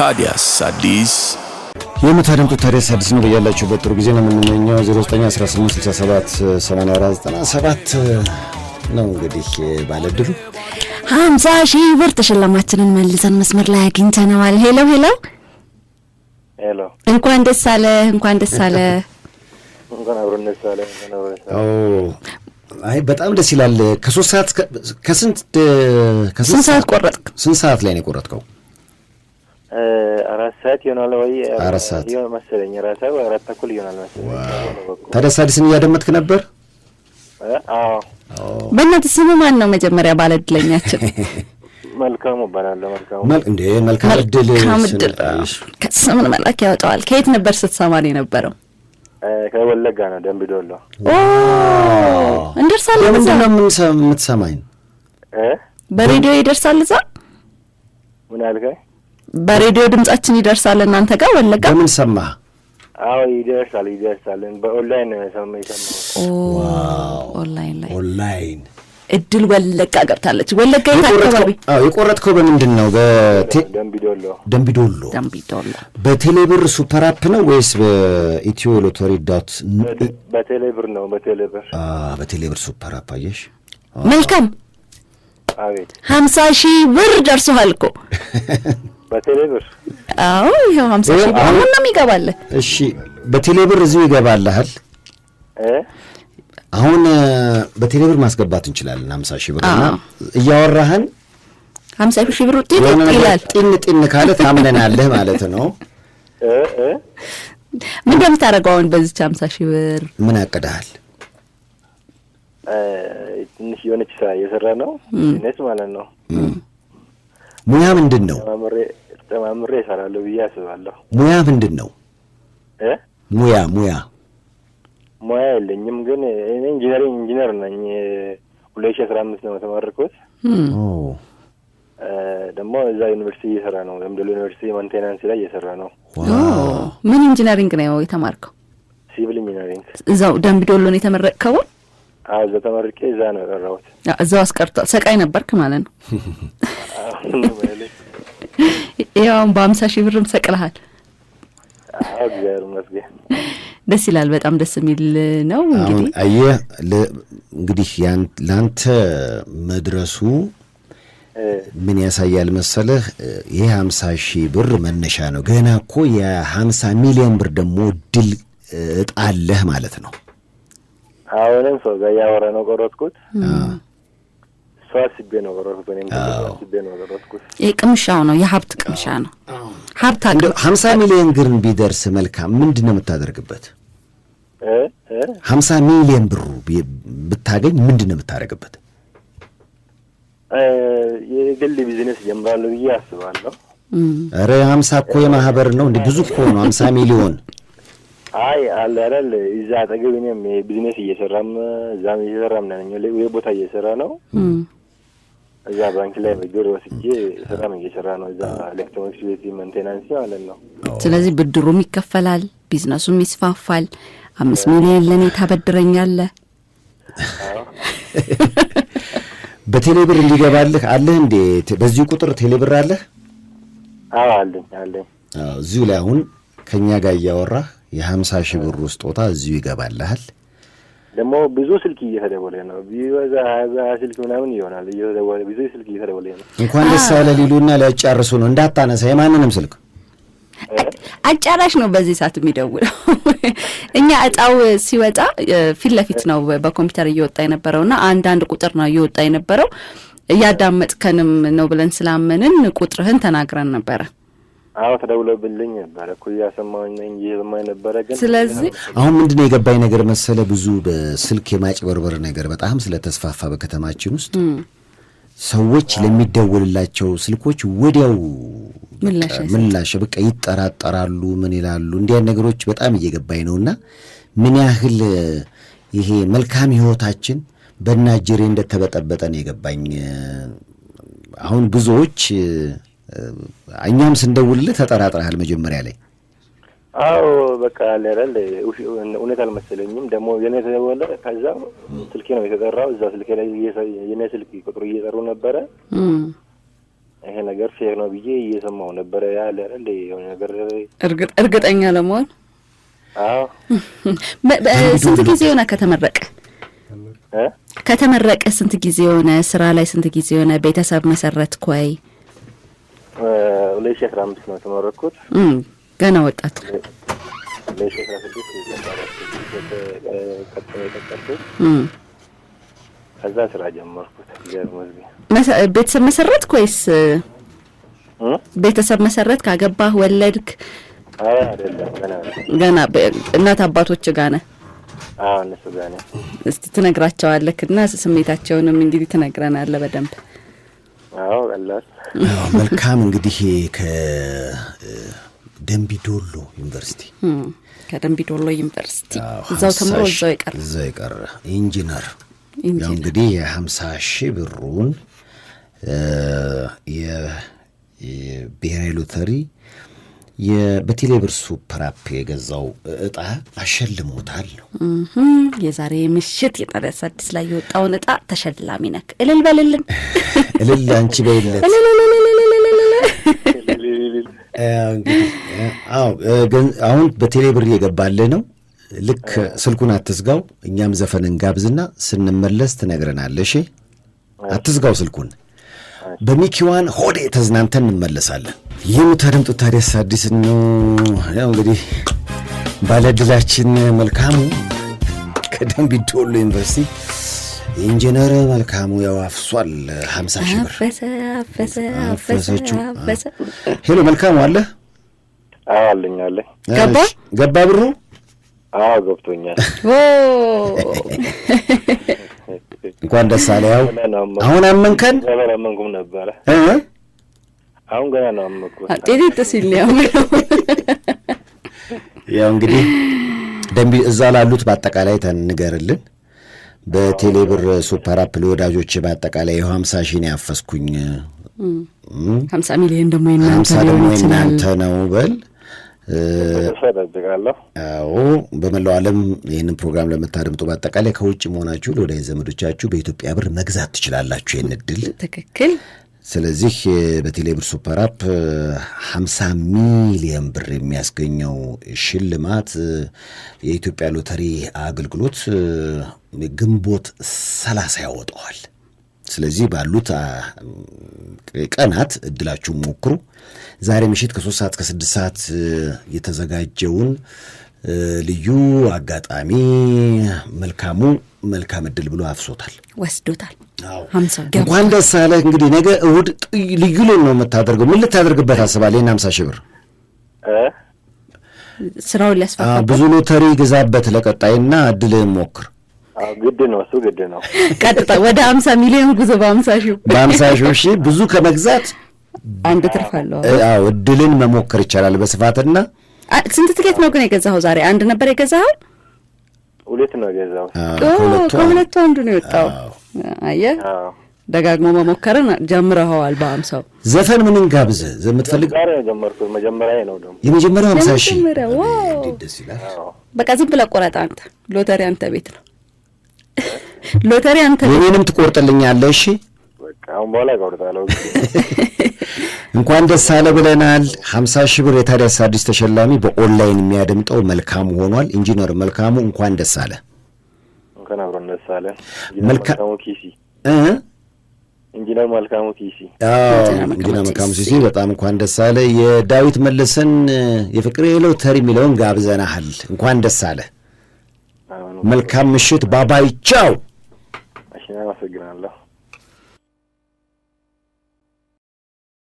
ታዲያስ አዲስ የምታደምጡት ታዲያስ አዲስ ነው። በያላችሁበት ጥሩ ጊዜ ነው የምንመኘው። 0918678497 ነው እንግዲህ ባለድሉ ሀምሳ ሺህ ብር ተሸላማችንን መልሰን መስመር ላይ አግኝተነዋል። ሄሎ ሄሎ ሄሎ፣ እንኳን ደስ አለ፣ እንኳን ደስ አለ። አይ በጣም ደስ ይላል። ከሶስት ሰዓት ከስንት ከስንት ሰዓት ቆረጥክ? ስንት ሰዓት ላይ ነው የቆረጥከው? አራት ሰዓት ይሆናል ወይ? አራት ሰዓት መሰለኝ። አራት ሰዓት ወይ አራት ተኩል ይሆናል መሰለኝ። ታዲያ ሳዲስን እያደመጥክ ነበር? አዎ። በእናትህ ስሙ ማን ነው መጀመሪያ ባለእድለኛችን? መልካሙ እባላለሁ። መልካም እድል መልካም እድል ከስምን መላክ ያወጣዋል። ከየት ነበር ስትሰማን የነበረው? ከወለጋ ነው ደንብ ዶሎ። እንደርሳለሁ። ምንድን የምትሰማኝ? በሬዲዮ ይደርሳል እዛ ምን አልከኝ? በሬዲዮ ድምጻችን ይደርሳል እናንተ ጋር ወለጋ በምን ሰማ? አዎ ይደርሳል ይደርሳል። በኦንላይን ሰማ ኦንላይን ላይ ኦንላይን እድል ወለጋ ገብታለች። ወለጋ የት አካባቢ? የቆረጥከው በምንድን ነው? ደምቢዶሎ ደምቢዶሎ ደምቢዶሎ በቴሌብር ሱፐር አፕ ነው ወይስ በኢትዮ ሎተሪ ዳት? በቴሌብር ነው። በቴሌብር በቴሌብር ሱፐር አፕ። አየሽ፣ መልካም። አቤት፣ ሀምሳ ሺህ ብር ደርሶሃል እኮ በቴሌብር አዎ፣ ይኸው ሀምሳ ሺህ ብር አሁን እሺ፣ በቴሌብር እዚሁ ይገባልሃል። አሁን በቴሌብር ማስገባት እንችላለን። ሀምሳ ሺህ ብር እያወራህን ሀምሳ ሺህ ብር ጤን ይላል። ካለ ታምነናለህ ማለት ነው። ምን እንደምታደርገው አሁን በዚች ሀምሳ ሺህ ብር ምን አቅደሃል? ትንሽ የሆነች ስራ እየሰራ ነው ነት ማለት ነው። ሙያ ምንድን ነው? ጨማምሬ እሰራለሁ ብዬ አስባለሁ። ሙያ ምንድን ነው? ሙያ ሙያ ሙያ የለኝም፣ ግን እኔ ኢንጂነሪንግ ኢንጂነር ነኝ። ሁለት ሺህ አስራ አምስት ነው የተመረኩት። ደግሞ እዛ ዩኒቨርሲቲ እየሰራ ነው። ደሎ ዩኒቨርሲቲ ማንቴናንስ ላይ እየሰራ ነው። ምን ኢንጂነሪንግ ነው የተማርከው? ሲቪል ኢንጂነሪንግ። እዛው ደምቢዶሎ ነው የተመረቅከው? እዛ ተመርቄ እዛ ነው የቀረሁት። እዛው አስቀርቷል። ሰቃይ ነበርክ ማለት ነው። ያውም በአምሳ ሺህ ብርም ሰቅልሃል። እግዚአብሔር ይመስገን። ደስ ይላል። በጣም ደስ የሚል ነው። እንግዲህ አየህ እንግዲህ ለአንተ መድረሱ ምን ያሳያል መሰለህ? ይህ ሀምሳ ሺህ ብር መነሻ ነው። ገና እኮ የሀምሳ ሚሊዮን ብር ደግሞ ድል እጣለህ ማለት ነው። አሁንም ሰው ጋር እያወራ ነው። ቆረጥኩት እሱ አስቤ ነው አስቤ ነው የቅምሻው ነው የሀብት ቅምሻ ነው ሀብት አቅ ሀምሳ ሚሊዮን ግን ቢደርስ መልካም ምንድን ነው የምታደርግበት? ሀምሳ ሚሊዮን ብሩ ብታገኝ ምንድን ነው የምታደርግበት? የግል ቢዝነስ ጀምራለሁ ብዬ አስባለሁ። ኧረ ሀምሳ እኮ የማህበር ነው ብዙ እኮ ነው ሀምሳ ሚሊዮን አይ አለ አይደል እዛ አጠገብ እኔም ቢዝነስ እየሰራም እዛም እየሰራም ነኝ። ወይ ቦታ እየሰራ ነው እዛ ባንክ ላይ ብድር ወስጄ ስራም እየሰራ ነው። እዛ ኤሌክትሮኒክስ ቤት መንቴናንስ ማለት ነው። ስለዚህ ብድሩም ይከፈላል፣ ቢዝነሱም ይስፋፋል። አምስት ሚሊዮን ለእኔ ታበድረኛለህ? በቴሌ ብር እንዲገባልህ አለህ እንዴ? በዚሁ ቁጥር ቴሌ ብር አለህ? አዎ አለኝ አለኝ። እዚሁ ላይ አሁን ከእኛ ጋር እያወራህ የሀምሳ ሺህ ብር ውስጦታ እዚሁ ይገባልሃል። ደግሞ ብዙ ስልክ እየተደወለ ነው። ቢበዛ ሀያ ስልክ ምናምን ይሆናል እየተደወለ ብዙ ስልክ እየተደወለ ነው። እንኳን ደስ ያለ ሊሉና ሊያጫርሱ ነው። እንዳታነሳ የማንንም ስልክ አጫራሽ ነው በዚህ ሰዓት የሚደውለው። እኛ እጣው ሲወጣ ፊት ለፊት ነው በኮምፒውተር እየወጣ የነበረውና አንዳንድ ቁጥር ነው እየወጣ የነበረው። እያዳመጥከንም ነው ብለን ስላመንን ቁጥርህን ተናግረን ነበረ። አዎ ተደውለብልኝ ነበረ እኮ እያሰማኝ ነኝ ይህ ነበረ ግን ስለዚህ አሁን ምንድነው የገባኝ ነገር መሰለ ብዙ በስልክ የማጭበርበር ነገር በጣም ስለተስፋፋ በከተማችን ውስጥ ሰዎች ለሚደወልላቸው ስልኮች ወዲያው ምላሽ በቃ ይጠራጠራሉ ምን ይላሉ እንዲያን ነገሮች በጣም እየገባኝ እና ምን ያህል ይሄ መልካም ህይወታችን በናጀሬ እንደተበጠበጠ ነው የገባኝ አሁን ብዙዎች እኛም ስንደውልልህ ተጠራጥረሃል መጀመሪያ ላይ። አዎ በቃ ለረል እውነት አልመሰለኝም። ደግሞ የኔ ተደወለ። ከዛ ስልኬ ነው የተጠራው። እዛ ስልኬ ላይ የኔ ስልክ ቁጥሩ እየጠሩ ነበረ። ይሄ ነገር ፌር ነው ብዬ እየሰማው ነበረ። ያ ለረል የሆነ ነገር እርግጠኛ ለመሆን ስንት ጊዜ ሆነ ከተመረቀ? ከተመረቀ ስንት ጊዜ ሆነ? ስራ ላይ ስንት ጊዜ ሆነ? ቤተሰብ መሰረት ኳይ ሁለት ሺህ አስራ አምስት ነው የተመረኩት። ገና ወጣት ነው። ሁለት ሺህ አስራ ስድስት ቀጥሎ የቀጠልኩት ከዛ ስራ ጀመርኩት። ቤተሰብ መሰረትክ ወይስ ቤተሰብ መሰረትክ? አገባህ? ወለድክ? ገና እናት አባቶች ጋር ነህ? እነሱ ጋር ነህ። እስቲ ትነግራቸዋለህ እና ስሜታቸውንም እንግዲህ ትነግረናለህ በደንብ መልካም እንግዲህ ከደንቢ ዶሎ ዩኒቨርሲቲ ከደንቢ ዶሎ ዩኒቨርሲቲ እዛው ተምሮ እዛው የቀረ እዛው የቀረ ኢንጂነር ያው እንግዲህ የሀምሳ ሺህ ብሩን የብሔራዊ ሎተሪ በቴሌብር ሱፐር አፕ የገዛው እጣ አሸልሞታል የዛሬ ምሽት የጣቢያ አዲስ ላይ የወጣውን እጣ ተሸላሚ ነክ። እልል በልልን፣ እልል አንቺ በይለት። አሁን በቴሌብር የገባልህ ነው። ልክ ስልኩን አትዝጋው። እኛም ዘፈን እንጋብዝና ስንመለስ ትነግረናለሽ። አትዝጋው ስልኩን። በሚኪዋን ሆዴ ተዝናንተን እንመለሳለን። የምታደምጡት ታዲያስ አዲስ ነው። ያው እንግዲህ ባለድላችን መልካሙ ከደምቢ ዶሎ ዩኒቨርሲቲ ኢንጂነር መልካሙ ያው አፍሷል። ሀምሳ ሺህ ብር አፈሰችው። ሄሎ መልካሙ አለ አለኝ አለ ገባ ገባ ብሩ ገብቶኛል። እንኳን ደስ አለ። ያው አሁን አመንከን ዘመን አመንኩም ነበረ አሁን ገና ነው። ጤኔጥ ሲል ያው ያው እንግዲህ ደንቢ እዛ ላሉት በአጠቃላይ ተንገርልን በቴሌብር ሱፐር አፕ ለወዳጆች በአጠቃላይ ይኸው ሀምሳ ሺህ ያፈስኩኝ። ሀምሳ ሚሊዮን ደግሞ ሀምሳ ደግሞ የናንተ ነው በል አዎ በመላው ዓለም ይህንን ፕሮግራም ለምታደምጡ በአጠቃላይ ከውጭ መሆናችሁ ለወዳጅ ዘመዶቻችሁ በኢትዮጵያ ብር መግዛት ትችላላችሁ። ይህን እድል ትክክል ስለዚህ በቴሌብር ሱፐር አፕ 50 ሚሊየን ብር የሚያስገኘው ሽልማት የኢትዮጵያ ሎተሪ አገልግሎት ግንቦት 30 ያወጣዋል። ስለዚህ ባሉት ቀናት እድላችሁ ሞክሩ። ዛሬ ምሽት ከሶስት ሰዓት ከስድስት ሰዓት የተዘጋጀውን ልዩ አጋጣሚ መልካሙ መልካም እድል ብሎ አፍሶታል፣ ወስዶታል። እንኳን ደስ አለ። እንግዲህ ነገ እሑድ ልዩ ልን ነው የምታደርገው። ምን ልታደርግበት አስባል? ይህን ሀምሳ ሺህ ብር ስራውን ሊያስፋፋ ብዙ ሎተሪ ግዛበት ለቀጣይና እድል ሞክር። ግድ ነው እሱ ግድ ነው። ቀጥታ ወደ ሀምሳ ሚሊዮን ጉዞ በሀምሳ ሺህ በሀምሳ ሺህ ብዙ ከመግዛት አንድ ትርፍ አለው። እድልን መሞከር ይቻላል በስፋትና ስንት ትኬት ነው ግን የገዛኸው? ዛሬ አንድ ነበር የገዛኸው? ሁለት ነው የገዛሁት። ከሁለቱ አንዱ ነው የወጣው። አየህ፣ ደጋግሞ መሞከርን ጀምረኸዋል። በአምሳው ዘፈን ምንን ጋብዝ የምትፈልግ? ጀመርኩት የመጀመሪያው ሀምሳ ሺ በቃ ዝም ብለህ ቆረጥ። አንተ ሎተሪ አንተ ቤት ነው ሎተሪ አንተ። የእኔንም ትቆርጥልኛለህ? እሺ አሁን በኋላ ይቆርጣለሁ። እንኳን ደስ አለ ብለናል። ሀምሳ ሺህ ብር የታዲያስ አዲስ ተሸላሚ በኦንላይን የሚያደምጠው መልካሙ ሆኗል። ኢንጂነር መልካሙ እንኳን ደስ አለ። እንኳን አብሮን ደስ አለ። መልካሙ ኪሲ ኢንጂነር መልካሙ ኪሲ ኢንጂነር መልካሙ ኪሲ በጣም እንኳን ደስ አለ። የዳዊት መለሰን የፍቅር የለው የሎተሪ የሚለውን ጋብዘናሃል። እንኳን ደስ አለ። መልካም ምሽት። ባባይቻው። ቻው። አመሰግናለሁ።